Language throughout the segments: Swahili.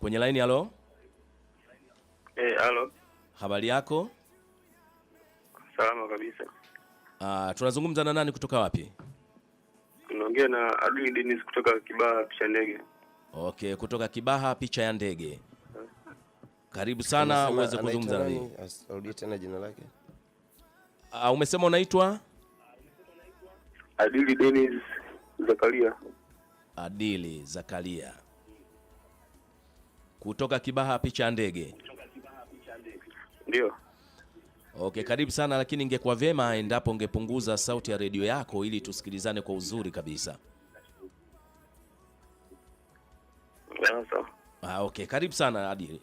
Kwenye laini halo. Eh, halo. Habari yako? Salama kabisa. Ah, tunazungumza na nani kutoka wapi? Tunaongea na Adui Dennis kutoka Kibaha picha ndege. Okay, kutoka Kibaha picha ya ndege. Eh. Karibu sana uweze kuzungumza na mimi. Arudie tena jina lake. Ah, umesema unaitwa? Adili Dennis Zakaria. Adili Zakaria kutoka Kibaha picha ndege. Ndio. Okay, karibu sana lakini ingekuwa vyema endapo ungepunguza sauti ya redio yako ili tusikilizane kwa uzuri kabisa. Ah, okay, karibu sana Adili.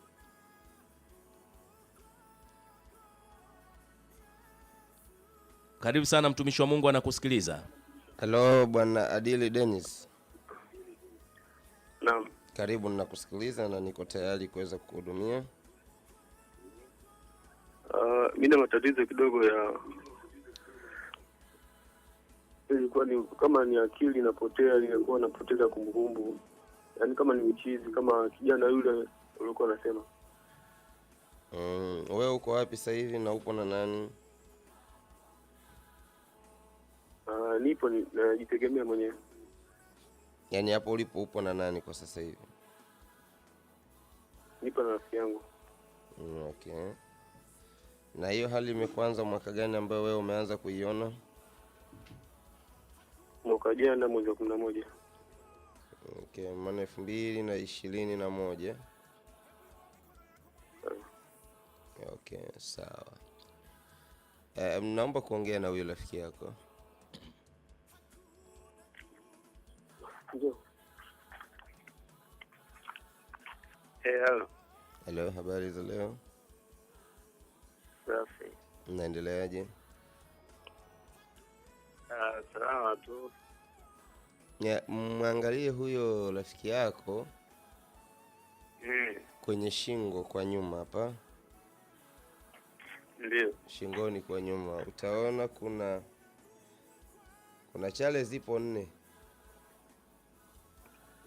Karibu sana mtumishi wa Mungu anakusikiliza. Hello, Bwana Adili Dennis. Karibu, na kusikiliza na niko tayari kuweza kukuhudumia. Uh, mi na matatizo kidogo ya ilikuwa ni kama ni akili inapotea, ilikuwa napoteza kumbukumbu, yaani kama ni michizi kama kijana yule ulikuwa anasema. Mm, wewe uko wapi sasa hivi na uko na nani? Uh, nipo najitegemea ni, mwenyewe yani hapo ulipo upo na nani kwa sasa hivi? Nipo na rafiki yangu. Mm, okay. Na hiyo hali imekuanza mwaka gani ambayo wewe umeanza kuiona? Mwaka jana mwezi wa kumi na moja. Okay, maana elfu mbili na ishirini na moja. Okay, sawa. Eh, naomba kuongea na huyo rafiki yako. Ndio. hello. Hello, habari za leo? Safi. Mnaendeleaje? Ah, salama tu. Ya, mwangalie huyo rafiki yako mm. Kwenye shingo kwa nyuma hapa. Ndio. Shingoni kwa nyuma utaona kuna kuna chale zipo nne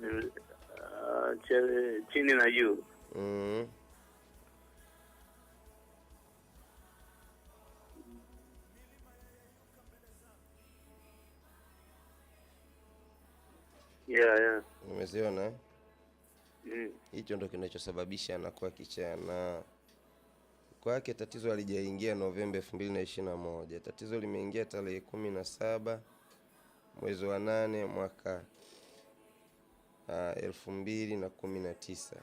uh, chini na juu mm. yeah, yeah. Umeziona mm. hicho mm. Ndo kinachosababisha anakuwa kichaa na kwake tatizo alijaingia Novemba elfu mbili na ishirini na moja. Tatizo limeingia tarehe kumi na saba mwezi wa nane mwaka Ah, elfu mbili na kumi na tisa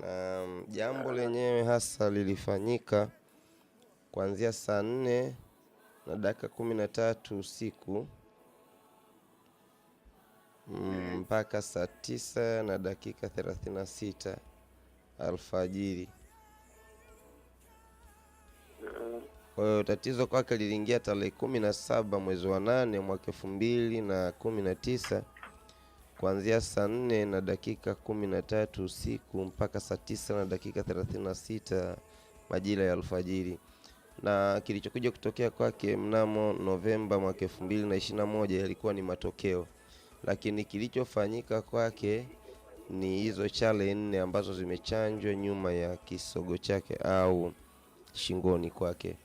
na mm, jambo lenyewe hasa lilifanyika kuanzia saa nne na dakika kumi na tatu usiku mm, mm-hmm. mpaka saa tisa na dakika thelathini na sita alfajiri. Kwa hiyo tatizo kwake liliingia tarehe kumi na saba mwezi wa nane mwaka elfu mbili na kumi na tisa kuanzia saa nne na dakika kumi na tatu usiku mpaka saa tisa na dakika thelathini na sita majira ya alfajiri na kilichokuja kutokea kwake mnamo Novemba mwaka elfu mbili na ishirini na moja yalikuwa ni matokeo, lakini kilichofanyika kwake ni hizo chale nne ambazo zimechanjwa nyuma ya kisogo chake au shingoni kwake.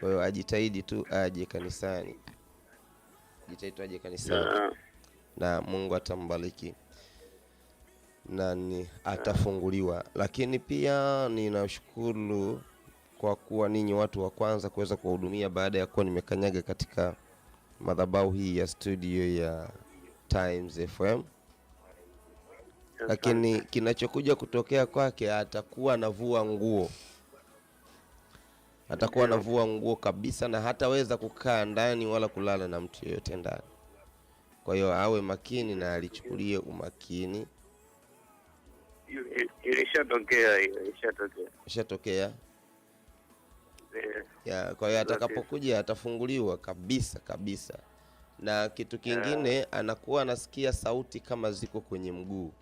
Kwa hiyo ajitahidi tu aje kanisani, ajitahidi tu aje kanisani na Mungu atambariki na ni atafunguliwa. Lakini pia ninashukuru kwa kuwa ninyi watu wa kwanza kuweza kuwahudumia baada ya kuwa nimekanyaga katika madhabahu hii ya studio ya Times FM. Lakini kinachokuja kutokea kwake, atakuwa anavua nguo, atakuwa anavua nguo kabisa, na hataweza kukaa ndani wala kulala na mtu yeyote ndani. Kwa hiyo awe makini na alichukulie umakini. Ilishatokea hiyo, ilishatokea, ishatokea eh. ya. Kwa hiyo atakapokuja atafunguliwa kabisa kabisa. Na kitu kingine yeah, anakuwa anasikia sauti kama ziko kwenye mguu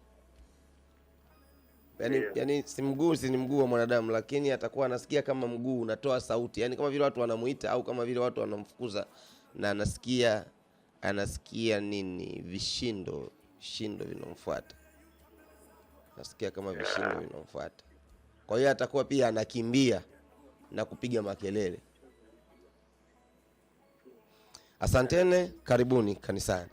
yaani, yeah, yaani si mguu, si ni mguu wa mwanadamu, lakini atakuwa anasikia kama mguu unatoa sauti, yaani kama vile watu wanamuita au kama vile watu wanamfukuza na anasikia anasikia nini, vishindo shindo vinamfuata, nasikia kama vishindo vinamfuata. Kwa hiyo atakuwa pia anakimbia na kupiga makelele. Asantene, karibuni kanisani.